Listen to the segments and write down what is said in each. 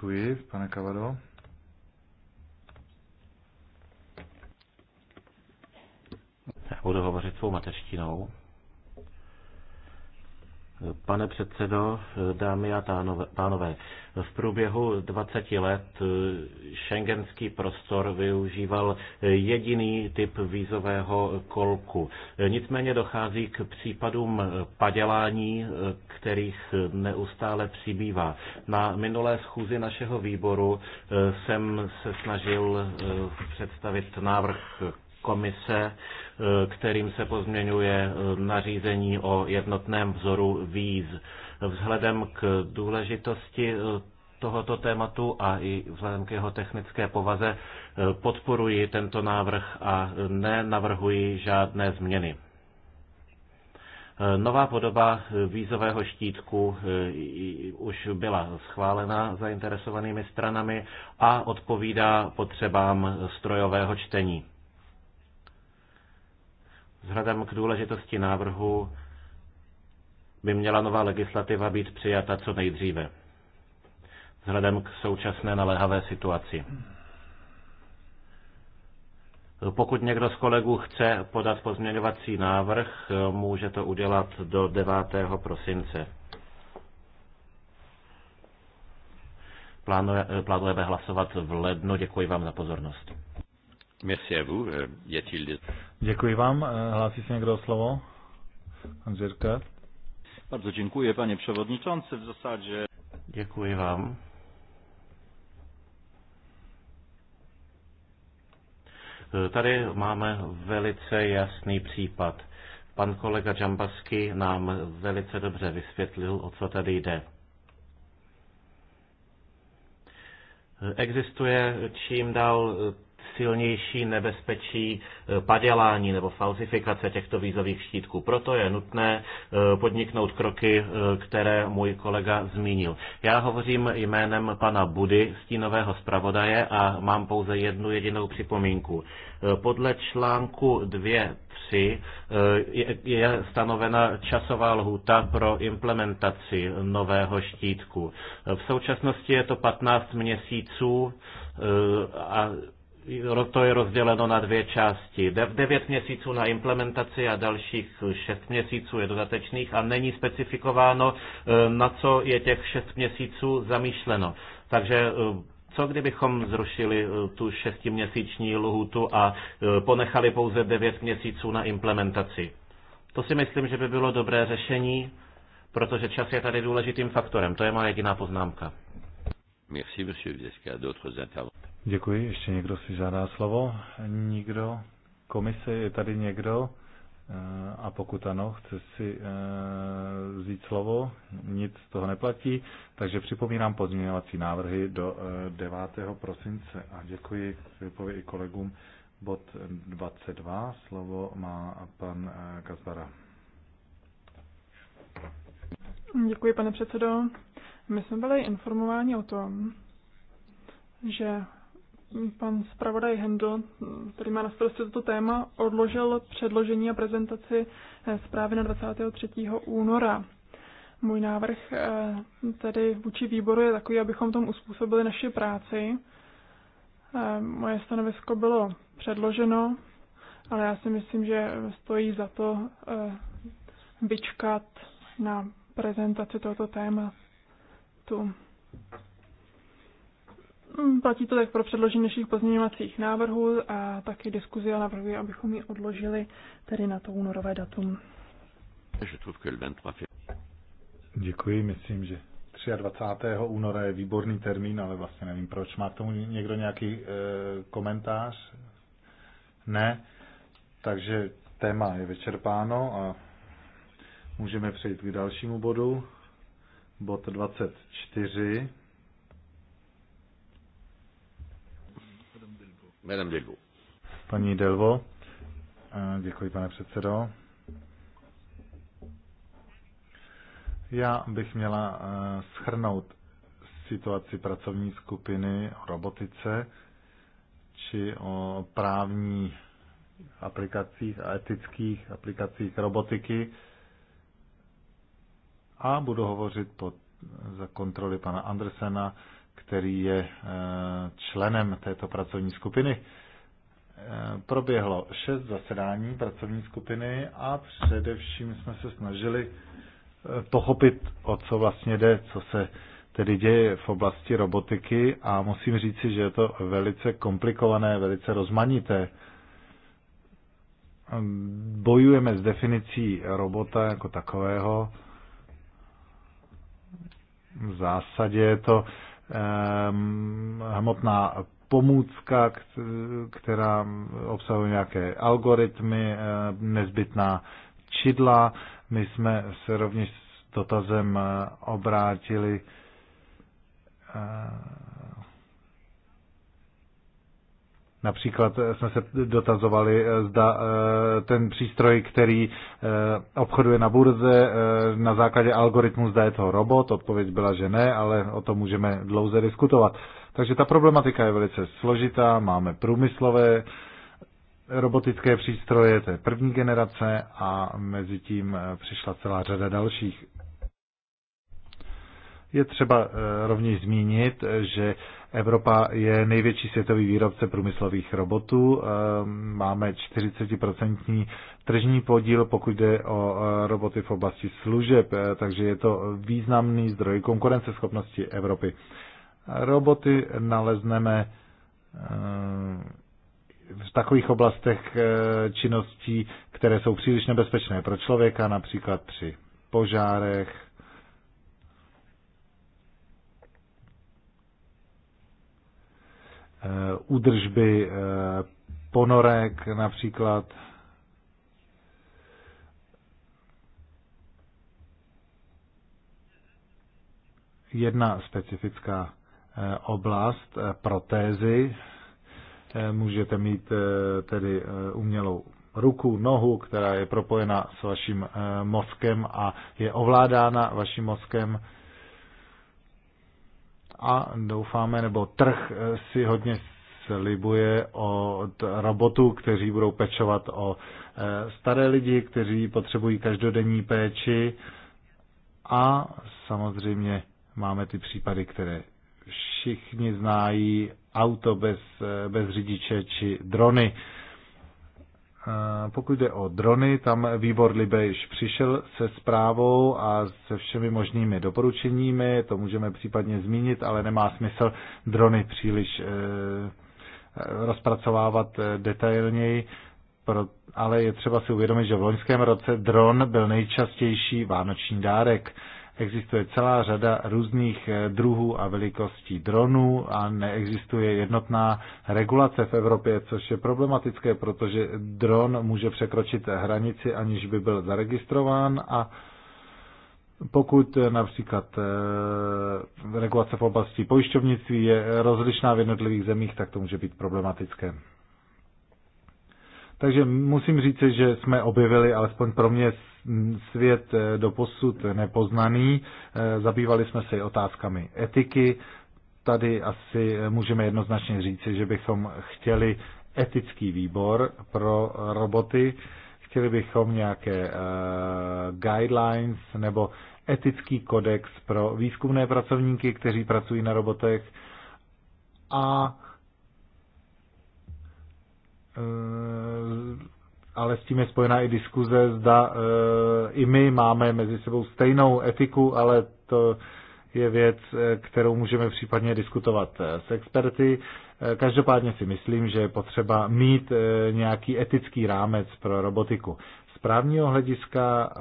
Děkuji, pane Kavado. Já budu hovořit svou mateřštinou. Pane předsedo, dámy a pánové, v průběhu 20 let šengenský eh, prostor využíval jediný typ vízového kolku. Nicméně dochází k případům padělání, eh, kterých neustále přibývá. Na minulé schůzi našeho výboru eh, jsem se snažil představit návrh komise, eh, kterým se pozměňuje eh, nařízení o jednotném vzoru víz. Vzhledem k důležitosti eh, tohoto tématu a i vzhledem k jeho technické povaze podporuji tento návrh a nenavrhuji žádné změny. Nová podoba vízového štítku už byla schválena zainteresovanými stranami a odpovídá potřebám strojového čtení. Vzhledem k důležitosti návrhu by měla nová legislativa být přijata co nejdříve. Vzhledem k současné naléhavé situaci. Pokud někdo z kolegů chce podat pozměňovací návrh, může to udělat do 9. prosince. plánujeme hlasovat v lednu. Děkuji vám za pozornost. Merci à vous. Euh, y a-t-il Děkuji vám. Eh, hlásí se někdo o slovo? Andrzejka. Bardzo dziękuję, panie przewodniczący. W zasadzie... Děkuji vám. Eh, tady máme velice jasný případ. Pan kolega Džambasky nám velice dobře vysvětlil, o co tady jde. Eh, existuje čím dál silnější nebezpečí e, padělání nebo falsifikace těchto výzových štítků. Proto je nutné e, podniknout kroky, e, které můj kolega zmínil. Já hovořím jménem pana Budy, stínového zpravodaje, a mám pouze jednu jedinou připomínku. Podle článku 2.3 je stanovena časová lhůta pro implementaci nového štítku. V současnosti je to 15 měsíců a to je rozděleno na dvě části. Devět měsíců na implementaci a dalších šest měsíců je dodatečných a není specifikováno, eh, na co je těch šest měsíců zamýšleno. Takže eh, co kdybychom zrušili eh, tu šestiměsíční lhutu a ponechali pouze devět měsíců na implementaci? To si myslím, že by bylo dobré řešení, protože čas je tady důležitým faktorem. To je má jediná poznámka. Merci, monsieur Vieska. D'autres interventions? Děkuji. Ještě někdo si žádá slovo? Nikdo? Komise, je tady někdo? Eh, a pokud ano, chce si eh, vzít slovo, nic z toho neplatí, takže připomínám pozměňovací návrhy do 9. Eh, prosince a děkuji Filipovi i kolegům. Bod 22, slovo má pan Kazbara. Děkuji, pane předsedo. My jsme byli informováni o tom, že pan zpravodaj Hendl, který má na starosti toto téma, odložil předložení a prezentaci eh, zprávy na 23. února. Můj návrh eh, tedy vůči výboru je takový, abychom tomu uspůsobili naši práci. Eh, moje stanovisko bylo předloženo, ale já si myslím, že stojí za to vyčkat na prezentaci tohoto téma tu. Mm, platí to tak pro předložení našich pozměňovacích návrhů a taky diskuzi a navrhuji, abychom ji odložili tedy na to únorové datum. Děkuji, myslím, že 23. února je výborný termín, ale vlastně nevím proč. Má k tomu někdo nějaký e, komentář? Ne. Takže téma je vyčerpáno a můžeme přejít k dalšímu bodu bod 24. Jménem Delvo. Paní Delvo, eh, děkuji pane předsedo. Já bych měla eh, schrnout situaci pracovní skupiny o robotice či o právní aplikacích a etických aplikacích robotiky a budu hovořit pod, za kontroly pana Andersena, který je eh, členem této pracovní skupiny. Eh, proběhlo šest zasedání pracovní skupiny a především jsme se snažili eh, pochopit, o co vlastně jde, co se tedy děje v oblasti robotiky a musím říci, že je to velice komplikované, velice rozmanité. Bojujeme s definicí robota jako takového, v zásadě je to um, hmotná pomůcka, která obsahuje nějaké algoritmy, ehm, nezbytná čidla. My jsme se rovněž s dotazem ehm, obrátili Například eh, jsme se dotazovali, eh, zda eh, ten přístroj, který obchoduje na burze na základě algoritmu, zda je to robot. Odpověď byla, že ne, ale o tom můžeme dlouze diskutovat. Takže ta problematika je velice složitá. Máme průmyslové robotické přístroje je první generace a mezi tím přišla celá řada dalších. Je třeba rovněž zmínit, že Evropa je největší světový výrobce průmyslových robotů. Ehm, máme 40% tržní podíl, pokud jde o e, roboty v oblasti služeb, e, takže je to významný zdroj konkurenceschopnosti Evropy. Roboty nalezneme ehm, v takových oblastech e, činností, které jsou příliš nebezpečné pro člověka, například při požárech, Eh, údržby eh, ponorek například. Jedna specifická eh, oblast protézy. Můžete mít tedy umělou ruku, nohu, která je propojena s vaším mozkem a je ovládána vaším mozkem a doufáme, nebo trh eh, si hodně slibuje od robotů, kteří budou pečovat o eh, staré lidi, kteří potřebují každodenní péči a samozřejmě máme ty případy, které všichni znají, auto bez, eh, bez řidiče či drony. Pokud jde o drony, tam výbor Libe již přišel se zprávou a se všemi možnými doporučeními, to můžeme případně zmínit, ale nemá smysl drony příliš eh, rozpracovávat eh, detailněji, ale je třeba si uvědomit, že v loňském roce dron byl nejčastější vánoční dárek. Existuje celá řada různých eh, druhů a velikostí dronů a neexistuje jednotná regulace v Evropě, což je problematické, protože dron může překročit hranici, aniž by byl zaregistrován a pokud eh, například eh, regulace v oblasti pojišťovnictví je rozlišná v jednotlivých zemích, tak to může být problematické. Takže musím říct, že jsme objevili, alespoň pro mě, svět eh, doposud nepoznaný. Eh, zabývali jsme se i otázkami etiky. Tady asi eh, můžeme jednoznačně říci, že bychom chtěli etický výbor pro roboty, chtěli bychom nějaké uh, guidelines nebo etický kodex pro výzkumné pracovníky, kteří pracují na robotech a uh, Eh, ale s tím je spojená i diskuze, zda eh, i my máme mezi sebou stejnou etiku, ale to je věc, eh, kterou můžeme případně diskutovat s experty. Každopádně si myslím, že je potřeba mít nějaký etický rámec pro robotiku. Z právního hlediska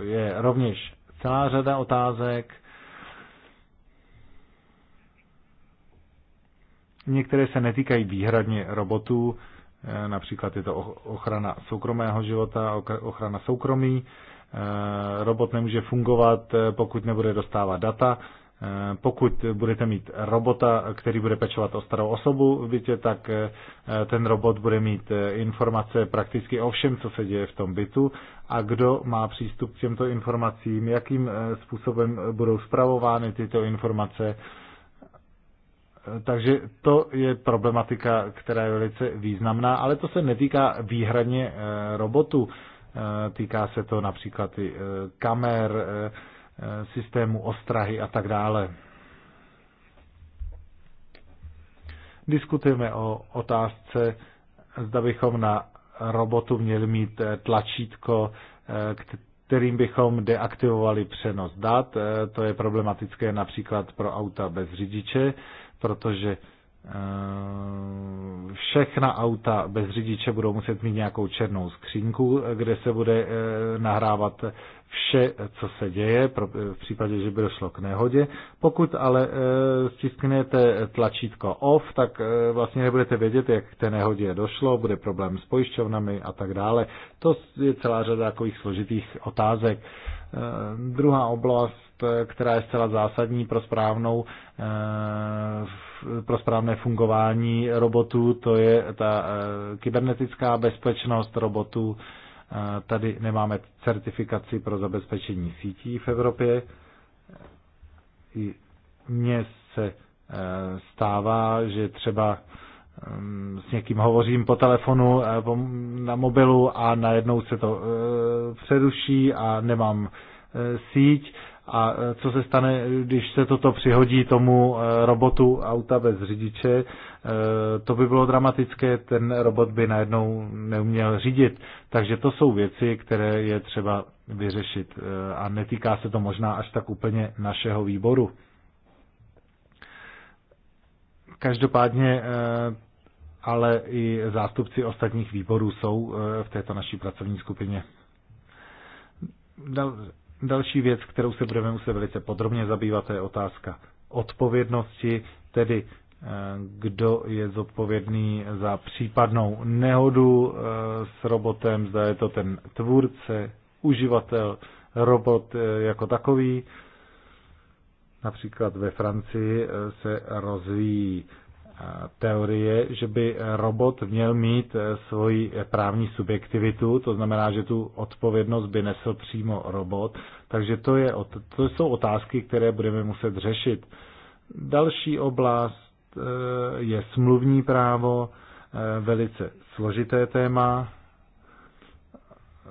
je rovněž celá řada otázek. Některé se netýkají výhradně robotů, Eh, například je to ochrana soukromého života, ochrana soukromí. Eh, robot nemůže fungovat, eh, pokud nebude dostávat data. Pokud budete mít robota, který bude pečovat o starou osobu v bytě, tak ten robot bude mít informace prakticky o všem, co se děje v tom bytu a kdo má přístup k těmto informacím, jakým způsobem budou zpravovány tyto informace, takže to je problematika, která je velice významná, ale to se netýká výhradně eh, robotů. Eh, týká se to například i eh, kamer, systému ostrahy a tak dále. Diskutujeme o otázce, zda bychom na robotu měli mít tlačítko, kterým bychom deaktivovali přenos dat. To je problematické například pro auta bez řidiče protože eh, všechna auta bez řidiče budou muset mít nějakou černou skřínku, kde se bude eh, nahrávat vše, co se děje v případě, že by došlo k nehodě. Pokud ale e, stisknete tlačítko off, tak e, vlastně nebudete vědět, jak k té nehodě došlo, bude problém s pojišťovnami a tak dále. To je celá řada takových složitých otázek. E, druhá oblast, která je zcela zásadní pro, správnou, pro správné fungování robotů, to je ta kybernetická bezpečnost robotů Tady nemáme certifikaci pro zabezpečení sítí v Evropě. Mně se e, stává, že třeba mm, s někým hovořím po telefonu, e, na mobilu a najednou se to e, přeruší a nemám síť. A e, co se stane, když se toto přihodí tomu e, robotu auta bez řidiče? E, to by bylo dramatické, ten robot by najednou neuměl řídit. Takže to jsou věci, které je třeba vyřešit. A netýká se to možná až tak úplně našeho výboru. Každopádně ale i zástupci ostatních výborů jsou v této naší pracovní skupině. Dobře. Další věc, kterou se budeme muset velice podrobně zabývat, je otázka odpovědnosti, tedy eh, kdo je zodpovědný za případnou nehodu eh, s robotem, zda je to ten tvůrce, uživatel, robot eh, jako takový. Například ve Francii se rozvíjí teorie, že by robot měl mít e, svoji právní subjektivitu, to znamená, že tu odpovědnost by nesl přímo robot. Takže to, je, to jsou otázky, které budeme muset řešit. Další oblast e, je smluvní právo, e, velice složité téma.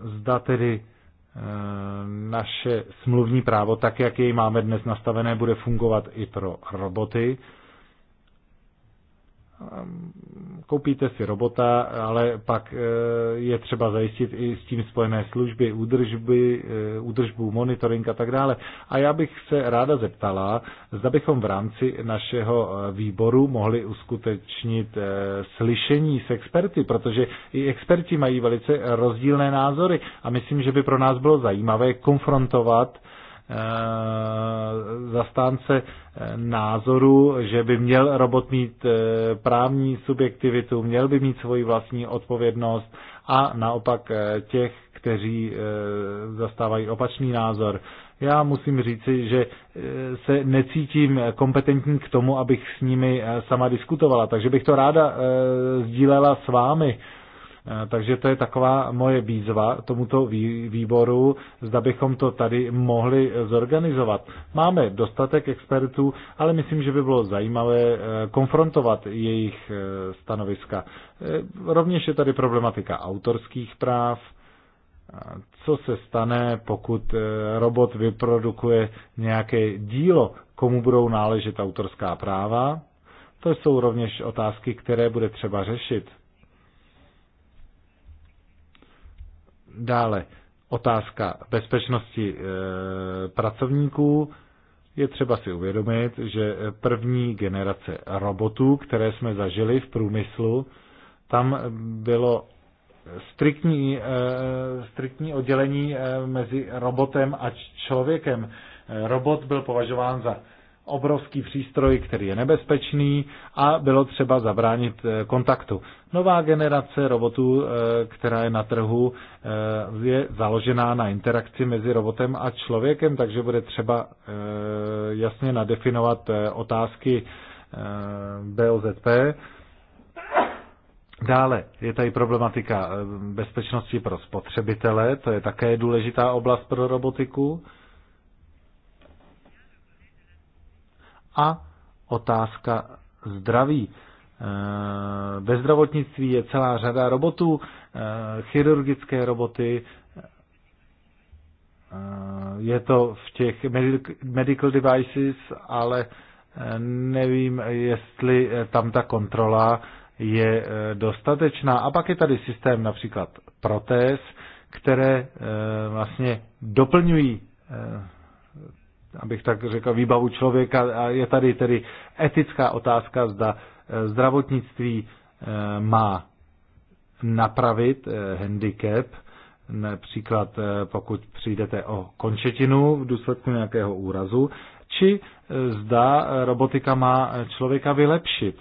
Zda tedy naše smluvní právo, tak jak jej máme dnes nastavené, bude fungovat i pro roboty. Ehm, koupíte si robota, ale pak eh, je třeba zajistit i s tím spojené služby, údržby, eh, údržbu, monitoring a tak dále. A já bych se ráda zeptala, zda bychom v rámci našeho eh, výboru mohli uskutečnit slyšení s experty, protože i experti mají velice rozdílné názory a myslím, že by pro nás bylo zajímavé konfrontovat Eh, zastánce eh, názoru, že by měl robot mít eh, právní subjektivitu, měl by mít svoji vlastní odpovědnost a naopak těch, kteří zastávají opačný názor. Já musím říci, že se necítím kompetentní k tomu, abych s nimi sama diskutovala, takže bych to ráda sdílela s vámi Eh, takže to je taková moje výzva tomuto výboru, zda bychom to tady mohli zorganizovat. Máme dostatek expertů, ale myslím, že by bylo zajímavé eh, konfrontovat jejich eh, stanoviska. Rovněž je tady problematika autorských práv, co se stane, pokud robot vyprodukuje nějaké dílo, komu budou náležet autorská práva. To jsou rovněž otázky, které bude třeba řešit. Dále otázka bezpečnosti eh, pracovníků. Je třeba si uvědomit, že první generace robotů, které jsme zažili v průmyslu, tam bylo striktní, eh, striktní oddělení eh, mezi robotem a člověkem. Robot byl považován za obrovský přístroj, který je nebezpečný a bylo třeba zabránit eh, kontaktu. Nová generace robotů, eh, která je na trhu, eh, je založená na interakci mezi robotem a člověkem, takže bude třeba jasně nadefinovat otázky BOZP. Dále je tady problematika bezpečnosti pro spotřebitele, to je také důležitá oblast pro robotiku. a otázka zdraví. Eh, ve zdravotnictví je celá řada robotů, eh, chirurgické roboty, eh, je to v těch medical devices, ale nevím, jestli tam ta kontrola je dostatečná. A pak je tady systém například protéz, které vlastně doplňují abych tak řekl, výbavu člověka. A je tady tedy etická otázka, zda eh, zdravotnictví eh, má napravit eh, handicap, například pokud přijdete o končetinu v důsledku nějakého úrazu, či zda robotika má člověka vylepšit.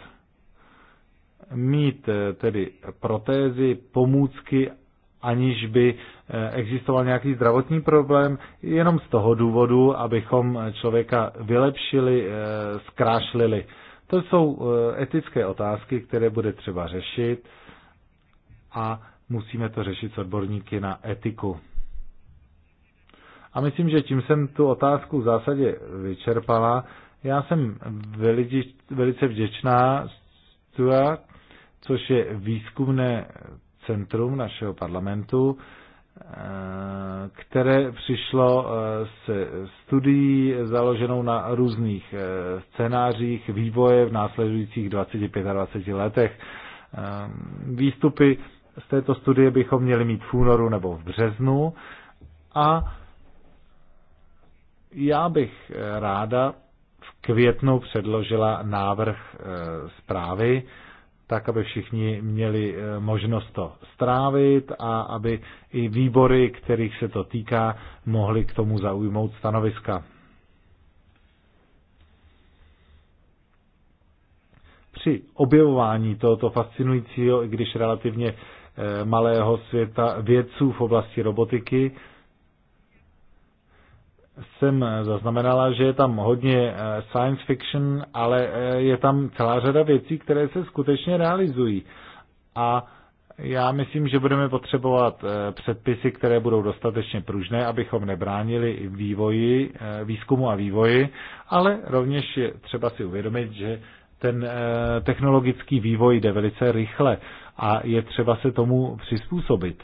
Mít tedy protézy, pomůcky aniž by eh, existoval nějaký zdravotní problém, jenom z toho důvodu, abychom eh, člověka vylepšili, eh, zkrášlili. To jsou etické otázky, které bude třeba řešit a musíme to řešit s odborníky na etiku. A myslím, že tím jsem tu otázku v zásadě vyčerpala. Já jsem velice vděčná což je výzkumné centrum našeho parlamentu, eh, které přišlo eh, s studií založenou na různých eh, scénářích vývoje v následujících 25 a 20 letech. Výstupy z této studie bychom měli mít v únoru nebo v březnu a já bych ráda v květnu předložila návrh zprávy, tak aby všichni měli eh, možnost to strávit a aby i výbory, kterých se to týká, mohli k tomu zaujmout stanoviska. Při objevování tohoto fascinujícího, i když relativně eh, malého světa vědců v oblasti robotiky jsem eh, zaznamenala, že je tam hodně eh, science fiction, ale eh, je tam celá řada věcí, které se skutečně realizují. A já myslím, že budeme potřebovat předpisy, které budou dostatečně pružné, abychom nebránili vývoji, výzkumu a vývoji, ale rovněž je třeba si uvědomit, že ten technologický vývoj jde velice rychle a je třeba se tomu přizpůsobit.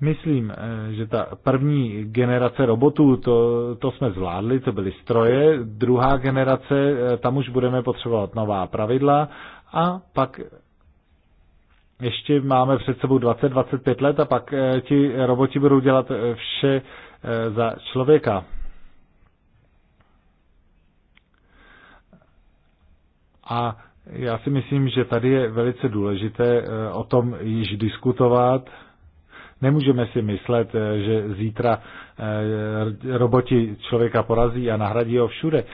Myslím, eh, že ta první generace robotů, to, to jsme zvládli, to byly stroje, druhá generace, eh, tam už budeme potřebovat nová pravidla a pak ještě máme před sebou 20-25 let a pak eh, ti roboti budou dělat vše za člověka. A já si myslím, že tady je velice důležité o tom již diskutovat, Nemůžeme si myslet, eh, že zítra eh, roboti člověka porazí a nahradí ho všude.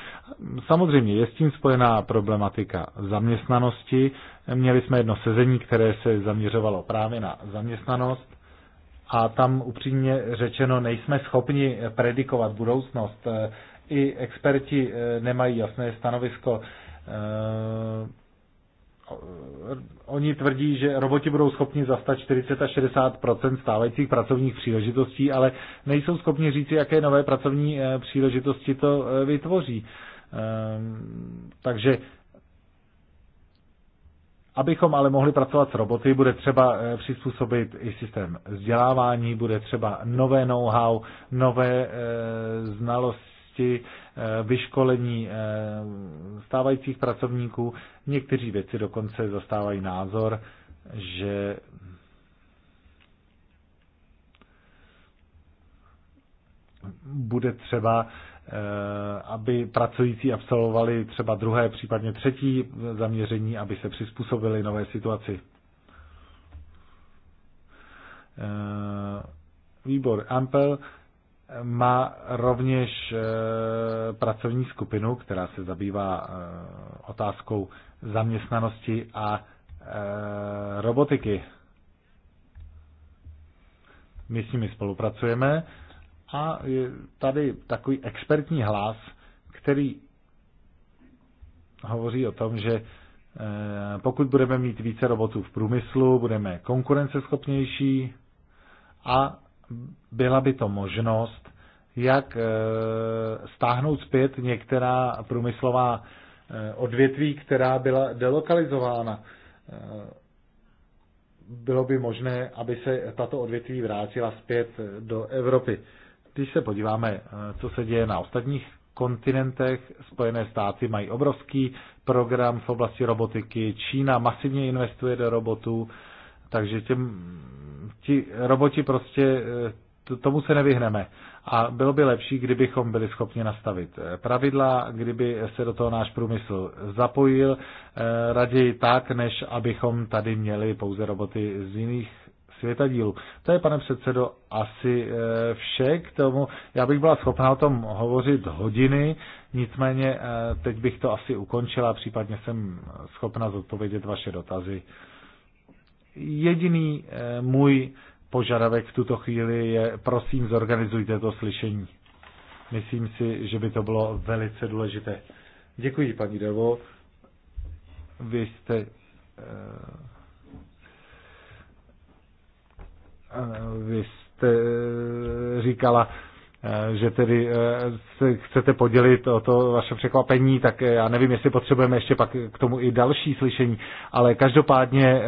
Samozřejmě je s tím spojená problematika zaměstnanosti. Měli jsme jedno sezení, které se zaměřovalo právě na zaměstnanost a tam upřímně řečeno nejsme schopni predikovat budoucnost. Eh, I experti nemají jasné stanovisko oni tvrdí, že roboti budou schopni zastat 40 až 60 stávajících pracovních příležitostí, ale nejsou schopni říci, jaké nové pracovní eh, příležitosti to eh, vytvoří. Ehm, takže Abychom ale mohli pracovat s roboty, bude třeba eh, přizpůsobit i systém vzdělávání, bude třeba nové know-how, nové znalosti, Eh, vyškolení eh, stávajících pracovníků. Někteří věci dokonce zastávají názor, že bude třeba, eh, aby pracující absolvovali třeba druhé, případně třetí zaměření, aby se přizpůsobili nové situaci. Výbor Ampel má rovněž eh, pracovní skupinu, která se zabývá eh, otázkou zaměstnanosti a eh, robotiky. My s nimi spolupracujeme a je tady takový expertní hlas, který hovoří o tom, že pokud budeme mít více robotů v průmyslu, budeme konkurenceschopnější a byla by to možnost, jak eh, stáhnout zpět některá průmyslová eh, odvětví, která byla delokalizována. Eh, bylo by možné, aby se tato odvětví vrátila zpět do Evropy. Když se podíváme, co se děje na ostatních kontinentech, Spojené státy mají obrovský program v oblasti robotiky, Čína masivně investuje do robotů, takže těm, ti roboti prostě eh, tomu se nevyhneme. A bylo by lepší, kdybychom byli schopni nastavit eh, pravidla, kdyby se do toho náš průmysl zapojil, eh, raději tak, než abychom tady měli pouze roboty z jiných světadílů. To je, pane předsedo, asi vše k tomu. Já bych byla schopná o tom hovořit hodiny, nicméně teď bych to asi ukončila, případně jsem schopna zodpovědět vaše dotazy. Jediný eh, můj požadavek v tuto chvíli je, prosím, zorganizujte to slyšení. Myslím si, že by to bylo velice důležité. Děkuji, paní Devo. Vy jste eh, vy jste eh, říkala, Eh, že tedy eh, chcete podělit o to vaše překvapení, tak eh, já nevím, jestli potřebujeme ještě pak k tomu i další slyšení, ale každopádně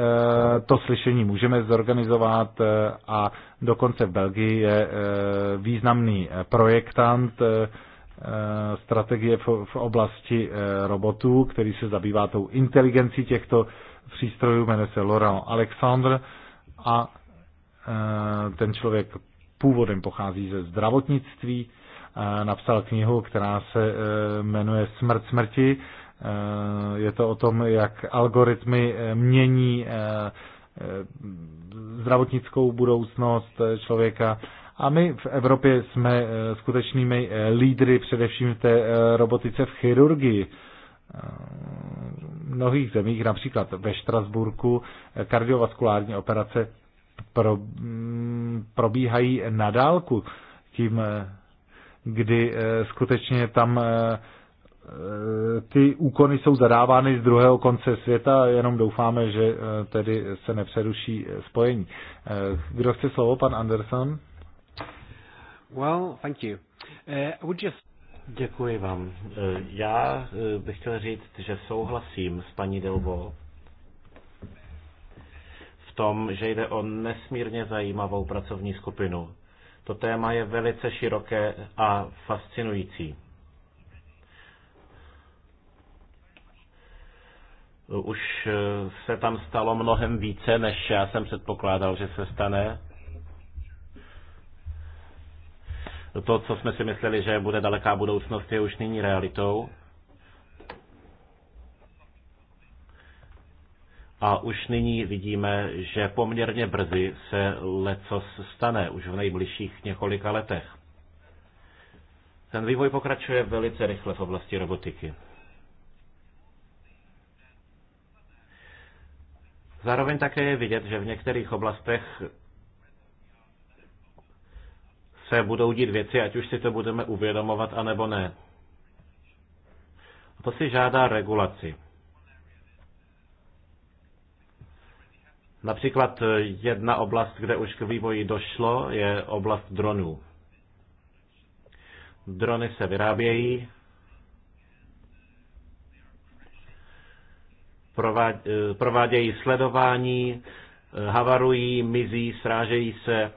to slyšení můžeme zorganizovat a dokonce v Belgii je významný projektant strategie v oblasti robotů, který se zabývá tou inteligencí těchto přístrojů, jmenuje se Laurent Alexandre a ten člověk původem pochází ze zdravotnictví, eh, napsal knihu, která se eh, jmenuje Smrt smrti. Eh, je to o tom, jak algoritmy mění zdravotnickou budoucnost člověka. A my v Evropě jsme skutečnými lídry především v té robotice v chirurgii. V mnohých zemích, například ve Štrasburku, kardiovaskulární operace pro, probíhají na dálku, tím, kdy eh, skutečně tam eh, eh, ty úkony jsou zadávány z druhého konce světa, jenom doufáme, že tedy se nepřeruší spojení. Kdo chce slovo, pan Anderson? Well, thank you. Uh, would just... Děkuji vám. Já bych chtěl říct, že souhlasím s paní Delvo tom, že jde o nesmírně zajímavou pracovní skupinu. To téma je velice široké a fascinující. Už se tam stalo mnohem více, než já jsem předpokládal, že se stane. To, co jsme si mysleli, že bude daleká budoucnost, je už nyní realitou. A už nyní vidíme, že poměrně brzy se lecos stane, už v nejbližších několika letech. Ten vývoj pokračuje velice rychle v oblasti robotiky. Zároveň také je vidět, že v některých oblastech se budou dít věci, ať už si to budeme uvědomovat, anebo ne. A to si žádá regulaci. Například eh, jedna oblast, kde už k vývoji došlo, je oblast dronů. Drony se vyrábějí, eh, provádějí sledování, eh, havarují, mizí, srážejí se.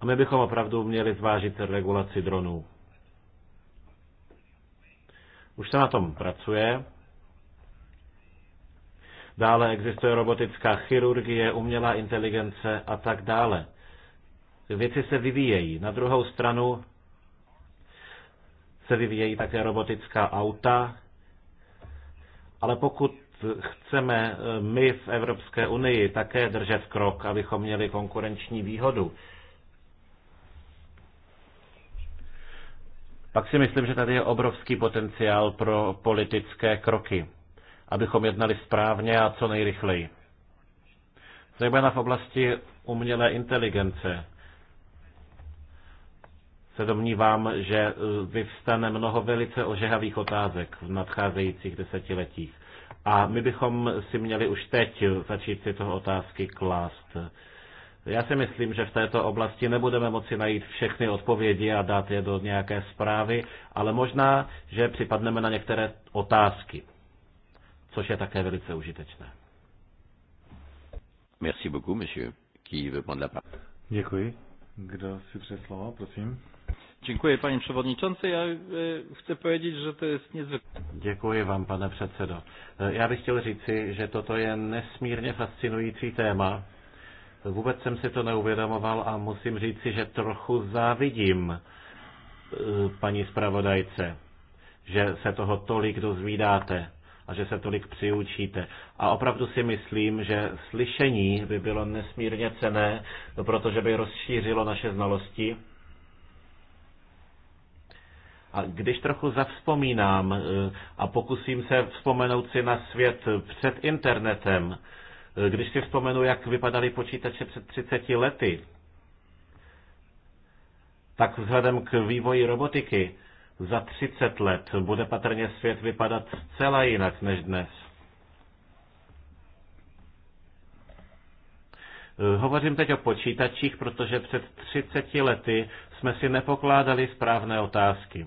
A my bychom opravdu měli zvážit regulaci dronů. Už se na tom pracuje. Dále existuje robotická chirurgie, umělá inteligence a tak dále. Věci se vyvíjejí. Na druhou stranu se vyvíjejí také robotická auta, ale pokud chceme eh, my v Evropské unii také držet krok, abychom měli konkurenční výhodu, pak si myslím, že tady je obrovský potenciál pro politické kroky abychom jednali správně a co nejrychleji. Zejména v oblasti umělé inteligence se domnívám, že vyvstane mnoho velice ožehavých otázek v nadcházejících desetiletích. A my bychom si měli už teď začít si toho otázky klást. Já si myslím, že v této oblasti nebudeme moci najít všechny odpovědi a dát je do nějaké zprávy, ale možná, že připadneme na některé otázky což je také velice užitečné. Merci beaucoup, monsieur. Qui veut prendre la parole? Děkuji. Kdo si přeje slovo, prosím? Dziękuję panie przewodniczący. Ja eh, chci povědět, že to je niezwykle. Děkuji vám, pane předsedo. Eh, já bych chtěl říci, že toto je nesmírně fascinující téma. Vůbec jsem si to neuvědomoval a musím říci, že trochu závidím eh, paní zpravodajce, že se toho tolik dozvídáte a že se tolik přiučíte. A opravdu si myslím, že slyšení by bylo nesmírně cené, no protože by rozšířilo naše znalosti. A když trochu zavzpomínám eh, a pokusím se vzpomenout si na svět před internetem, eh, když si vzpomenu, jak vypadaly počítače před 30 lety, tak vzhledem k vývoji robotiky, za 30 let bude patrně svět vypadat zcela jinak než dnes. Hovořím teď o počítačích, protože před 30 lety jsme si nepokládali správné otázky.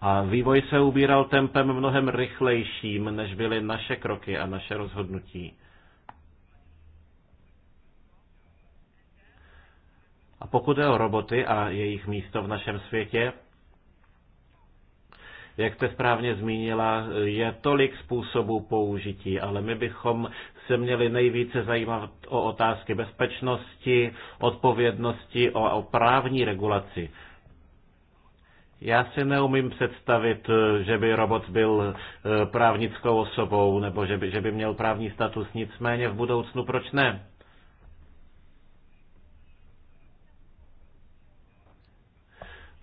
A vývoj se ubíral tempem mnohem rychlejším, než byly naše kroky a naše rozhodnutí. A pokud je o roboty a jejich místo v našem světě, jak jste správně zmínila, je tolik způsobů použití, ale my bychom se měli nejvíce zajímat o otázky bezpečnosti, odpovědnosti, o, o právní regulaci. Já si neumím představit, že by robot byl e, právnickou osobou nebo že by, že by měl právní status, nicméně v budoucnu proč ne?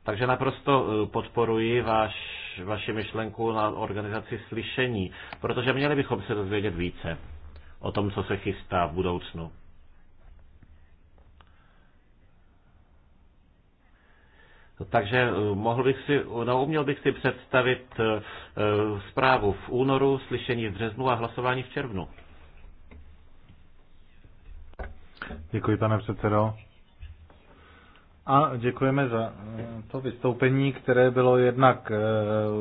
Takže naprosto eh, podporuji váš, vaši myšlenku na organizaci slyšení, protože měli bychom se dozvědět více o tom, co se chystá v budoucnu. Takže eh, mohl bych si, no, uměl bych si představit eh, zprávu v únoru, slyšení v březnu a hlasování v červnu. Děkuji, pane předsedo. A děkujeme za eh, to vystoupení, které bylo jednak eh,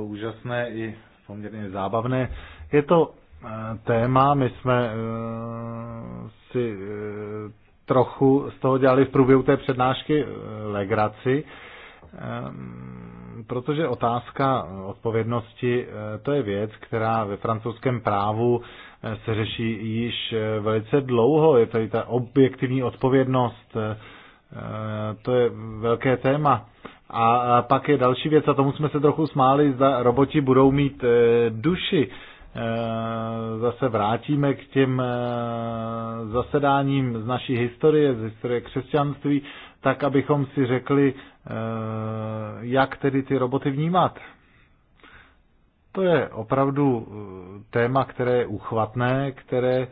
úžasné i poměrně zábavné. Je to eh, téma, my jsme si trochu z toho dělali v průběhu té přednášky legraci, protože otázka odpovědnosti, to je věc, která ve francouzském právu se řeší již velice dlouho. Je tady ta objektivní odpovědnost, Eh, to je velké téma. A pak je další věc, a tomu jsme se trochu smáli, zda roboti budou mít eh, duši. Eh, zase vrátíme k těm zasedáním z naší historie, z historie křesťanství, tak abychom si řekli, jak tedy ty roboty vnímat. To je opravdu téma, které je uchvatné, které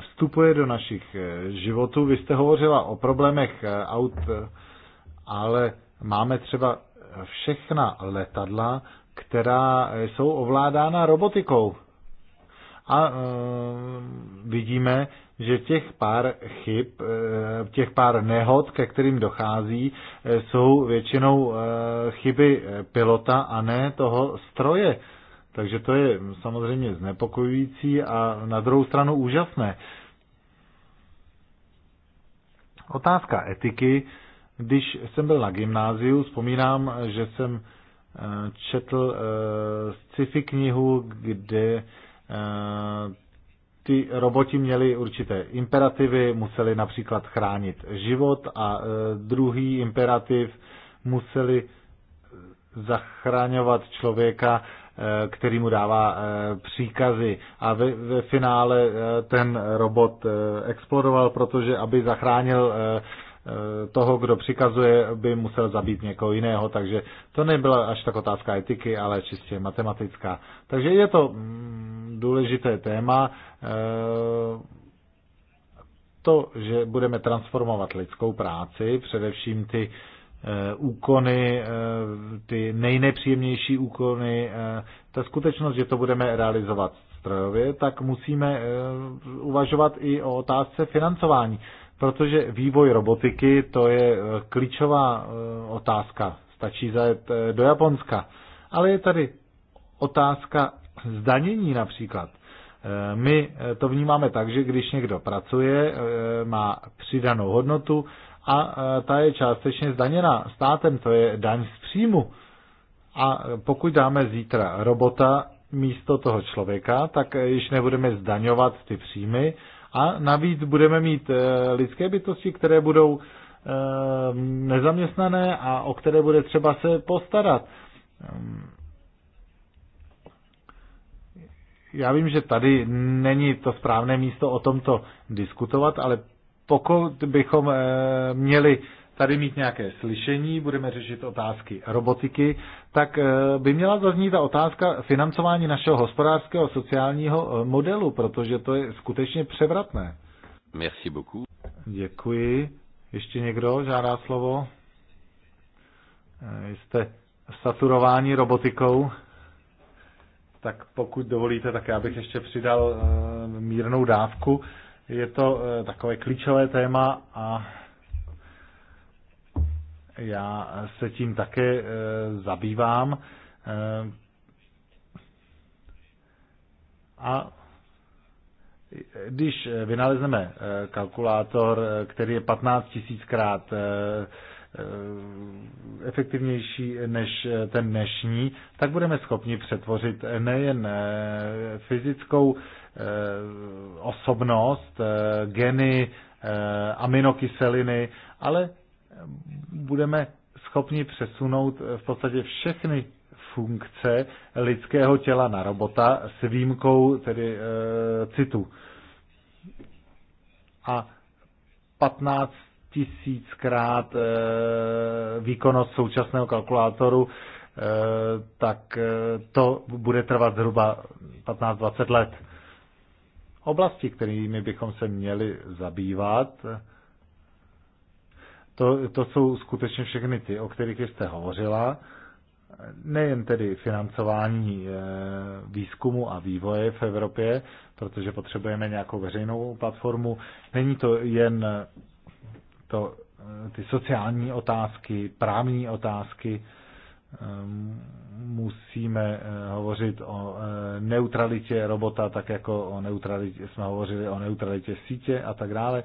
vstupuje do našich eh, životů. Vy jste hovořila o problémech eh, aut, eh, ale máme třeba všechna letadla, která jsou ovládána robotikou. A e, vidíme, že těch pár chyb, e, těch pár nehod, ke kterým dochází, e, jsou většinou e, chyby pilota a ne toho stroje. E, takže to je samozřejmě znepokojující a na druhou stranu úžasné. Otázka etiky. Když jsem byl na gymnáziu, vzpomínám, že jsem eh, četl eh, sci-fi knihu, kde eh, ty roboti měli určité imperativy, museli například chránit život a druhý imperativ museli zachraňovat člověka Eh, který mu dává eh, příkazy. A ve, ve finále eh, ten robot explodoval, protože aby zachránil toho, kdo přikazuje, by musel zabít někoho jiného, takže to nebyla až tak otázka etiky, ale čistě matematická. Takže je to mm, důležité téma. To, že budeme transformovat lidskou práci, především ty Eh, úkony, eh, ty nejnepříjemnější úkony, eh, ta skutečnost, že to budeme realizovat strojově, tak musíme uvažovat i o otázce financování, protože vývoj robotiky to je klíčová otázka. Stačí zajet do Japonska. Ale je tady otázka zdanění například. My to vnímáme tak, že když někdo pracuje, má přidanou hodnotu, a e, ta je částečně zdaněna státem, to je daň z příjmu. A pokud dáme zítra robota místo toho člověka, tak e, již nebudeme zdaňovat ty příjmy a navíc budeme mít e, lidské bytosti, které budou nezaměstnané a o které bude třeba se postarat. Já vím, že tady není to správné místo o tomto diskutovat, ale pokud bychom eh, měli tady mít nějaké slyšení, budeme řešit otázky robotiky, tak eh, by měla zaznít ta otázka financování našeho hospodářského sociálního eh, modelu, protože to je skutečně převratné. Merci beaucoup. Děkuji. Ještě někdo žádá slovo? Jste saturováni robotikou? Tak pokud dovolíte, tak já bych ještě přidal mírnou dávku. Je to eh, takové klíčové téma a já se tím také eh, zabývám. Eh, a když vynalezneme kalkulátor, který je 15 tisíckrát efektivnější než ten dnešní, tak budeme schopni přetvořit nejen fyzickou Eh, osobnost, eh, geny, eh, aminokyseliny, ale budeme schopni přesunout v podstatě všechny funkce lidského těla na robota s výjimkou tedy e, citu. A 15 tisíckrát e, výkonnost současného kalkulátoru, e, tak e, to bude trvat zhruba 15-20 let oblasti, kterými bychom se měli zabývat. To, to jsou skutečně všechny ty, o kterých jste hovořila. Nejen tedy financování eh, výzkumu a vývoje v Evropě, protože potřebujeme nějakou veřejnou platformu. Není to jen to, eh, ty sociální otázky, právní otázky, musíme eh, hovořit o eh, neutralitě robota, tak jako o neutralitě, jsme hovořili o neutralitě sítě a tak dále.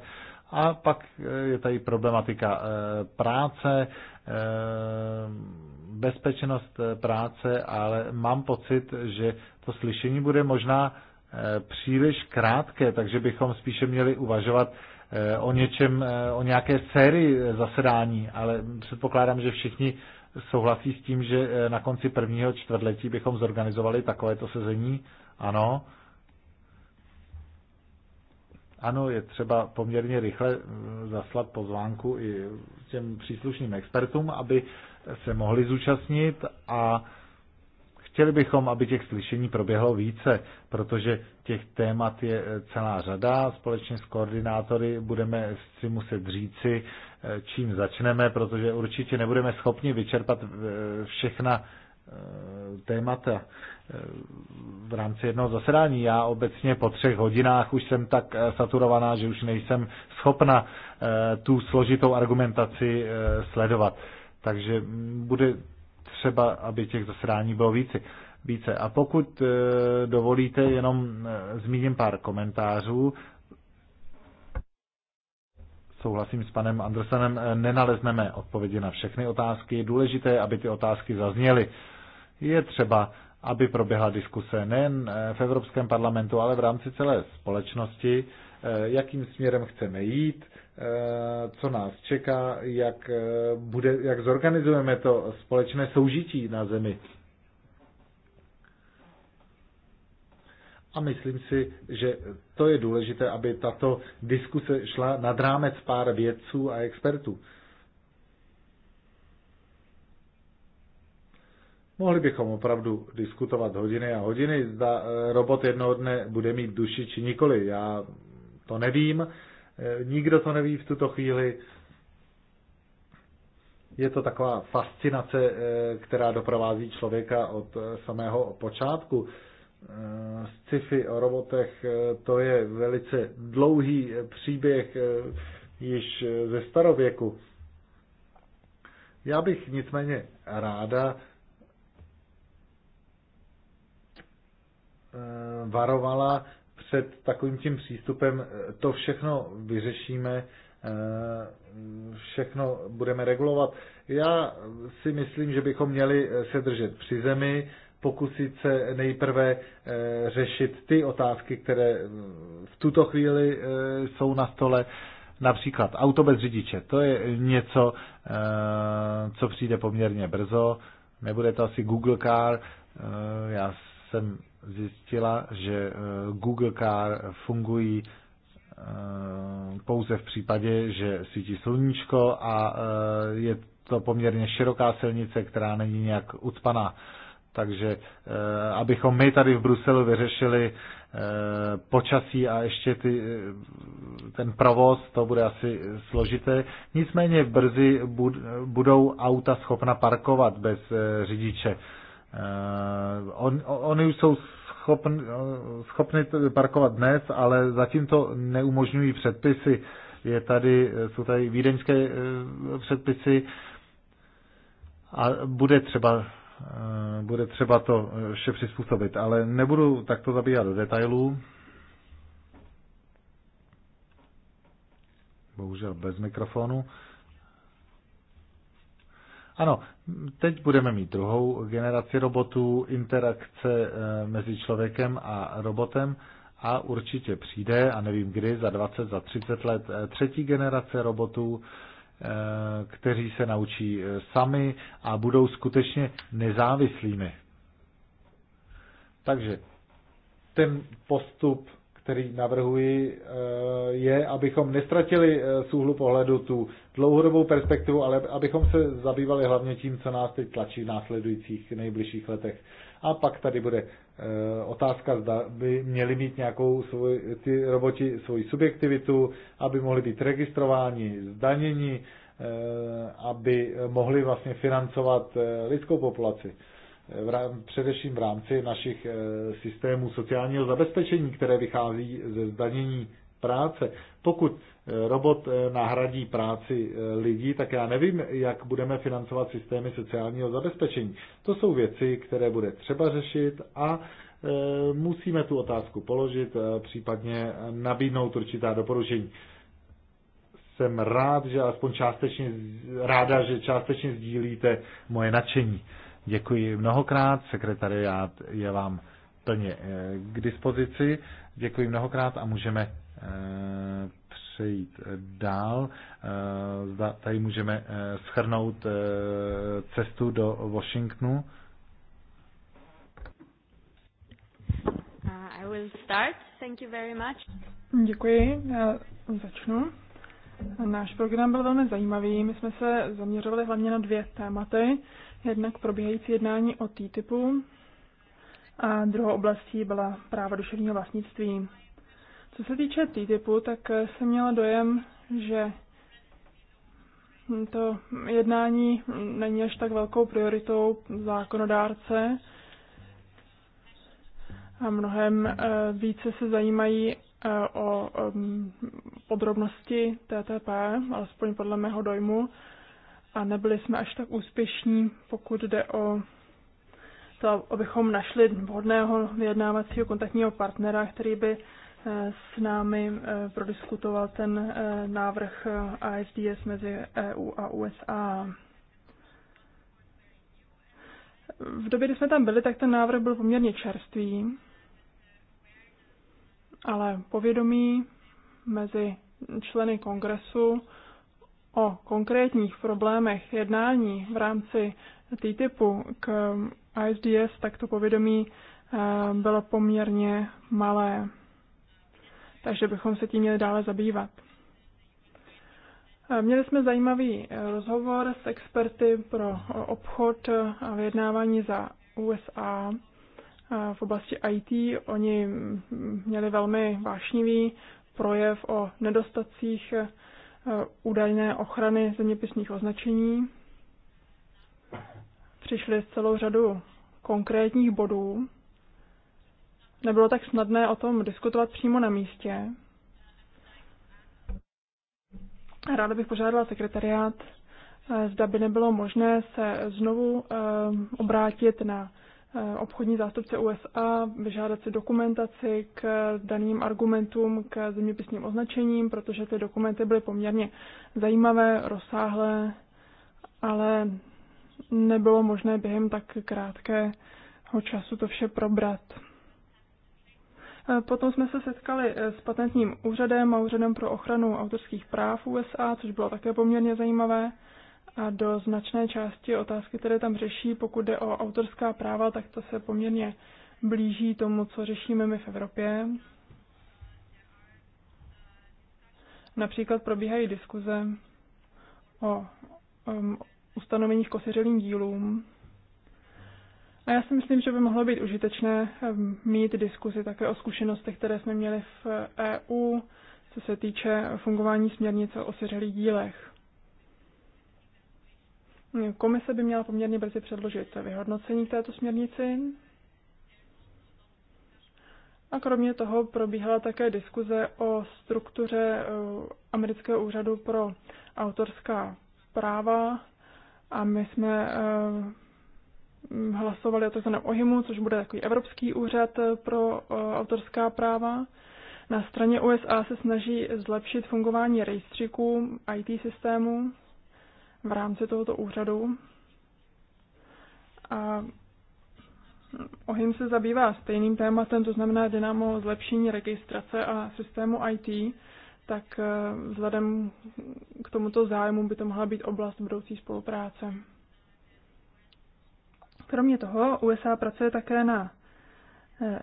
A pak eh, je tady problematika práce, bezpečnost práce, ale mám pocit, že to slyšení bude možná příliš krátké, takže bychom spíše měli uvažovat o něčem, o nějaké sérii zasedání, ale předpokládám, že všichni souhlasí s tím, že eh, na konci prvního čtvrtletí bychom zorganizovali takovéto sezení? Ano. Ano, je třeba poměrně rychle eh, zaslat pozvánku i těm příslušným expertům, aby se mohli zúčastnit a chtěli bychom, aby těch slyšení proběhlo více, protože těch témat je eh, celá řada. Společně s koordinátory budeme si muset říci, čím začneme, protože určitě nebudeme schopni vyčerpat eh, všechna eh, témata eh, v rámci jednoho zasedání. Já obecně po třech hodinách už jsem tak saturovaná, že už nejsem schopna tu složitou argumentaci sledovat. Takže bude třeba, aby těch zasedání bylo více. více. A pokud dovolíte, jenom zmíním pár komentářů souhlasím s panem Andersenem, nenalezneme odpovědi na všechny otázky. Je důležité, aby ty otázky zazněly. Je třeba, aby proběhla diskuse nejen eh, v Evropském parlamentu, ale v rámci celé společnosti, eh, jakým směrem chceme jít, eh, co nás čeká, jak, bude, jak zorganizujeme to společné soužití na Zemi. A myslím si, že to je důležité, aby tato diskuse šla nad rámec pár vědců a expertů. Mohli bychom opravdu diskutovat hodiny a hodiny, zda eh, robot jednoho dne bude mít duši či nikoli. Já to nevím, eh, nikdo to neví v tuto chvíli. Je to taková fascinace, eh, která doprovází člověka od samého počátku sci-fi o robotech, eh, to je velice dlouhý příběh eh, již eh, ze starověku. Já bych nicméně ráda varovala před takovým tím přístupem, to všechno vyřešíme, všechno budeme regulovat. Já si myslím, že bychom měli se držet při zemi, pokusit se nejprve eh, řešit ty otázky, které eh, v tuto chvíli eh, jsou na stole, například auto bez řidiče. To je něco, co přijde poměrně brzo. Nebude to asi Google Car. Já jsem zjistila, že Google Car fungují pouze v případě, že svítí sluníčko a je to poměrně široká silnice, která není nějak ucpaná. Takže eh, abychom my tady v Bruselu vyřešili eh, počasí a ještě ty, eh, ten provoz, to bude asi složité. Nicméně brzy budou auta schopna parkovat bez řidiče. On, oni už jsou schopn, schopni parkovat dnes, ale zatím to neumožňují předpisy. Je tady, jsou tady vídeňské předpisy a bude třeba Eh, bude třeba to ještě eh, přizpůsobit, ale nebudu takto zabíhat do detailů. Bohužel bez mikrofonu. Ano, teď budeme mít druhou generaci robotů, interakce eh, mezi člověkem a robotem a určitě přijde, a nevím kdy, za 20, za 30 let, třetí generace robotů, Eh, kteří se naučí eh, sami a budou skutečně nezávislými. Takže ten postup, který navrhuji, eh, je, abychom nestratili z úhlu pohledu tu dlouhodobou perspektivu, ale abychom se zabývali hlavně tím, co nás teď tlačí v následujících nejbližších letech. A pak tady bude Eh, otázka, zda by měli mít nějakou svoj, ty roboti svoji subjektivitu, aby mohli být registrováni, zdanění, eh, aby mohli vlastně financovat eh, lidskou populaci. V rám, především v rámci našich systémů sociálního zabezpečení, které vychází ze zdanění práce. Pokud eh, robot eh, nahradí práci eh, lidí, tak já nevím, jak budeme financovat systémy sociálního zabezpečení. To jsou věci, které bude třeba řešit a musíme tu otázku položit, případně nabídnout určitá doporučení. Jsem rád, že aspoň částečně, ráda, že částečně sdílíte moje nadšení. Děkuji mnohokrát, sekretariát je vám plně k dispozici. Děkuji mnohokrát a můžeme Eh, přejít eh, dál. Eh, zda tady můžeme schrnout cestu do Washingtonu. Uh, I will start. Thank you very much. Děkuji, já začnu. Náš program byl velmi zajímavý. My jsme se zaměřovali hlavně na dvě tématy. Jednak probíhající jednání o T-typu a druhou oblastí byla práva duševního vlastnictví. Co se týče TTIPu, tak eh, jsem měla dojem, že to jednání není až tak velkou prioritou zákonodárce a mnohem eh, více se zajímají eh, o podrobnosti TTP, alespoň podle mého dojmu, a nebyli jsme až tak úspěšní, pokud jde o to, abychom našli vhodného vyjednávacího kontaktního partnera, který by s námi eh, prodiskutoval ten eh, návrh eh, ASDS mezi EU a USA. V době, kdy jsme tam byli, tak ten návrh byl poměrně čerstvý, ale povědomí mezi členy kongresu o konkrétních problémech jednání v rámci TTIPu k ISDS, tak to povědomí bylo poměrně malé takže bychom se tím měli dále zabývat. Eh, měli jsme zajímavý eh, rozhovor s experty pro eh, obchod a vyjednávání za USA v oblasti IT. Oni mm, měli velmi vášnivý projev o nedostacích údajné ochrany zeměpisných označení. Přišli s celou řadu konkrétních bodů, nebylo tak snadné o tom diskutovat přímo na místě. Ráda bych požádala sekretariát, eh, zda by nebylo možné se znovu eh, obrátit na eh, obchodní zástupce USA, vyžádat si dokumentaci k daným argumentům, k zeměpisným označením, protože ty dokumenty byly poměrně zajímavé, rozsáhlé, ale nebylo možné během tak krátkého času to vše probrat. Eh, potom jsme se setkali eh, s patentním úřadem a úřadem pro ochranu autorských práv USA, což bylo také poměrně zajímavé. A do značné části otázky, které tam řeší, pokud jde o autorská práva, tak to se poměrně blíží tomu, co řešíme my v Evropě. Například probíhají diskuze o um, ustanoveních kosiřelým dílům, a já si myslím, že by mohlo být užitečné eh, mít diskuzi také o zkušenostech, které jsme měli v EU, eh, e co se týče fungování směrnice o osiřelých dílech. Komise by měla poměrně brzy předložit vyhodnocení k této směrnici. A kromě toho probíhala také diskuze o struktuře eh, amerického úřadu pro autorská práva a my jsme Mm, hlasovali o tzv. OHIMu, což bude takový Evropský úřad eh, pro eh, autorská práva. Na straně USA se snaží zlepšit fungování rejstříků IT systému v rámci tohoto úřadu. A OHIM se zabývá stejným tématem, to znamená, dynamo zlepšení registrace a systému IT, tak eh, vzhledem k tomuto zájmu by to mohla být oblast budoucí spolupráce. Kromě toho USA pracuje také na eh,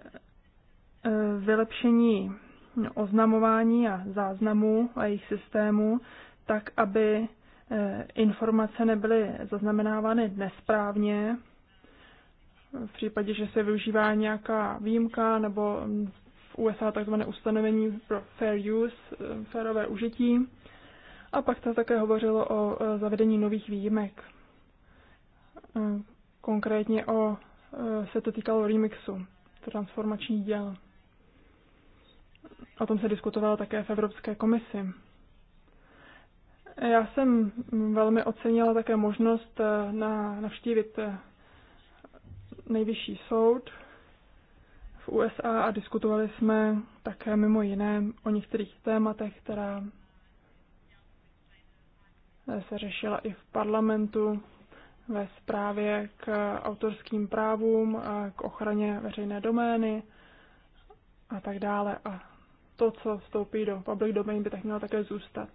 eh, vylepšení oznamování a záznamů a jejich systémů, tak aby eh, informace nebyly zaznamenávány nesprávně, v případě, že se využívá nějaká výjimka nebo v USA takzvané ustanovení pro fair use, férové užití. A pak se také hovořilo o zavedení nových výjimek, Konkrétně o, e, se to týkalo remixu, transformační děl. O tom se diskutovalo také v Evropské komisi. Já jsem velmi ocenila také možnost e, na, navštívit e, nejvyšší soud v USA a diskutovali jsme také mimo jiné o některých tématech, která se řešila i v parlamentu ve zprávě k autorským právům, k ochraně veřejné domény a tak dále. A to, co vstoupí do public domain, by tak mělo také zůstat.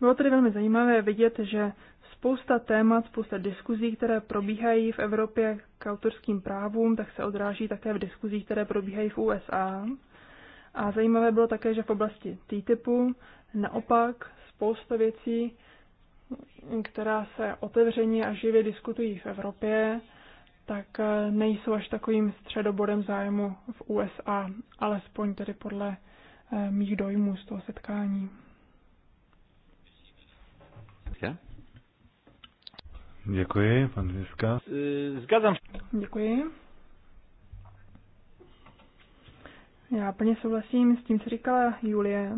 Bylo tedy velmi zajímavé vidět, že spousta témat, spousta diskuzí, které probíhají v Evropě k autorským právům, tak se odráží také v diskuzích, které probíhají v USA. A zajímavé bylo také, že v oblasti TTIPu naopak spousta věcí která se otevřeně a živě diskutují v Evropě, tak eh, nejsou až takovým středobodem zájmu v USA, alespoň tedy podle eh, mých dojmů z toho setkání. Ja? Děkuji, pan Vyska. Eh, zgadzam se. Děkuji. Já plně souhlasím s tím, co říkala Julie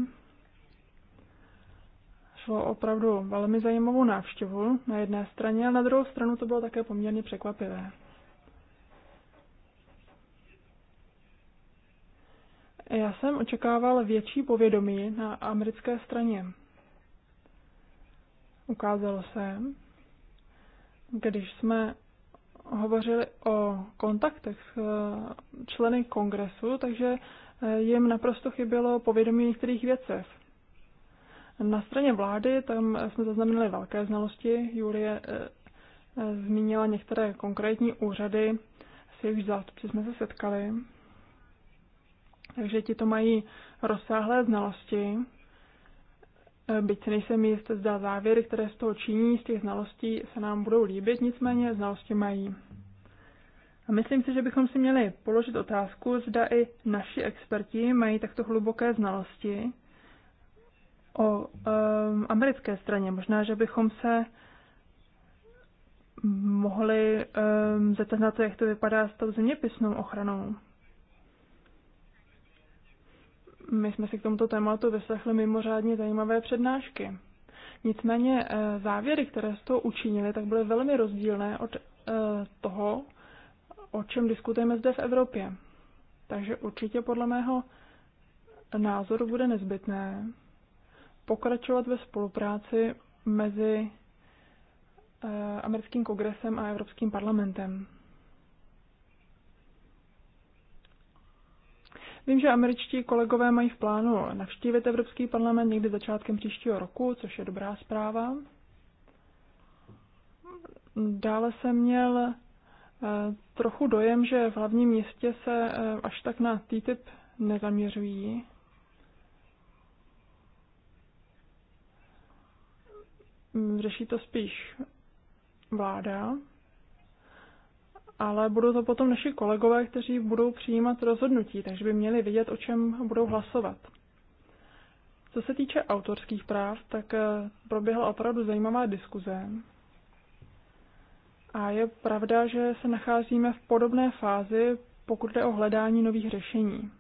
šlo opravdu velmi zajímavou návštěvu na jedné straně, ale na druhou stranu to bylo také poměrně překvapivé. Já jsem očekával větší povědomí na americké straně. Ukázalo se, když jsme hovořili o kontaktech s eh, členy kongresu, takže eh, jim naprosto chybělo povědomí některých věcech. Na straně vlády tam jsme zaznamenali velké znalosti. Julie eh, eh, zmínila některé konkrétní úřady, s jejichž zástupci jsme se setkali. Takže ti to mají rozsáhlé znalosti. Eh, byť se nejsem jist, zda závěry, které z toho činí, z těch znalostí se nám budou líbit, nicméně znalosti mají. A myslím si, že bychom si měli položit otázku, zda i naši experti mají takto hluboké znalosti, o um, americké straně. Možná, že bychom se mohli um, zeptat na to, jak to vypadá s tou zeměpisnou ochranou. My jsme si k tomuto tématu vyslechli mimořádně zajímavé přednášky. Nicméně eh, závěry, které z toho učinili, tak byly velmi rozdílné od eh, toho, o čem diskutujeme zde v Evropě. Takže určitě podle mého názoru bude nezbytné pokračovat ve spolupráci mezi eh, americkým kongresem a Evropským parlamentem. Vím, že američtí kolegové mají v plánu navštívit Evropský parlament někdy začátkem příštího roku, což je dobrá zpráva. Dále jsem měl eh, trochu dojem, že v hlavním městě se eh, až tak na TTIP nezaměřují. Mm, řeší to spíš vláda, ale budou to potom naši kolegové, kteří budou přijímat rozhodnutí, takže by měli vědět, o čem budou hlasovat. Co se týče autorských práv, tak eh, proběhla opravdu zajímavá diskuze. A je pravda, že se nacházíme v podobné fázi, pokud jde o hledání nových řešení.